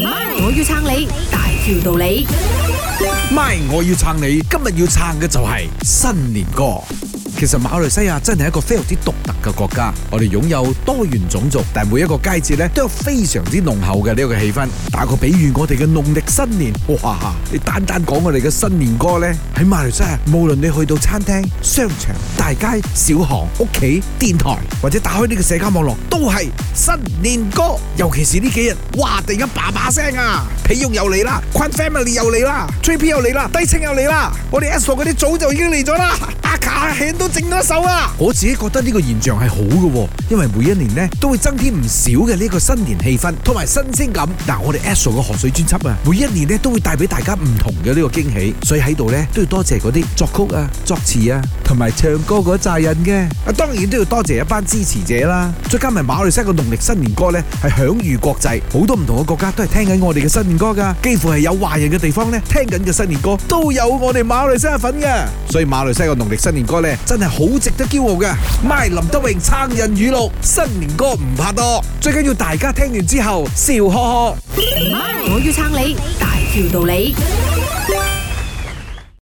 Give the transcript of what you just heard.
My，我要撐你，大條道理。咪，我要撐你，今日要撐嘅就係新年歌。其實馬來西亞真係一個非常之獨特嘅國家，我哋擁有多元種族，但係每一個階層咧都有非常之濃厚嘅呢個氣氛。打個比喻，我哋嘅農曆新年，哇！你單單講我哋嘅新年歌咧，喺馬來西亞，無論你去到餐廳、商場、大街、小巷、屋企、電台，或者打開呢個社交網絡，都係新年歌。尤其是呢幾日，哇！突然間叭叭聲啊，皮用又嚟啦，坤 family 又嚟啦，JP 又嚟啦，低清又嚟啦，我哋 S 座嗰啲早就已經嚟咗啦，阿、啊、卡顯都我自己覺得呢個現象係好嘅，因為每一年呢都會增添唔少嘅呢個新年氣氛同埋新鮮感。嗱，我哋阿 Sir 嘅賀歲專輯啊，每一年呢都會帶俾大家唔同嘅呢個驚喜，所以喺度呢都要多謝嗰啲作曲啊、作詞啊同埋唱歌嗰啲責任嘅。啊，當然都要多謝一班支持者啦。再加埋馬來西亞嘅農曆新年歌呢，係享譽國際，好多唔同嘅國家都係聽緊我哋嘅新年歌噶，幾乎係有華人嘅地方呢，聽緊嘅新年歌都有我哋馬來西亞份噶。所以馬來西亞嘅農曆新年歌呢，真係好。好值得驕傲嘅，MY 林德榮撐人語錄，新年歌唔怕多，最緊要大家聽完之後笑呵呵。MY 我要撐你，大條道理。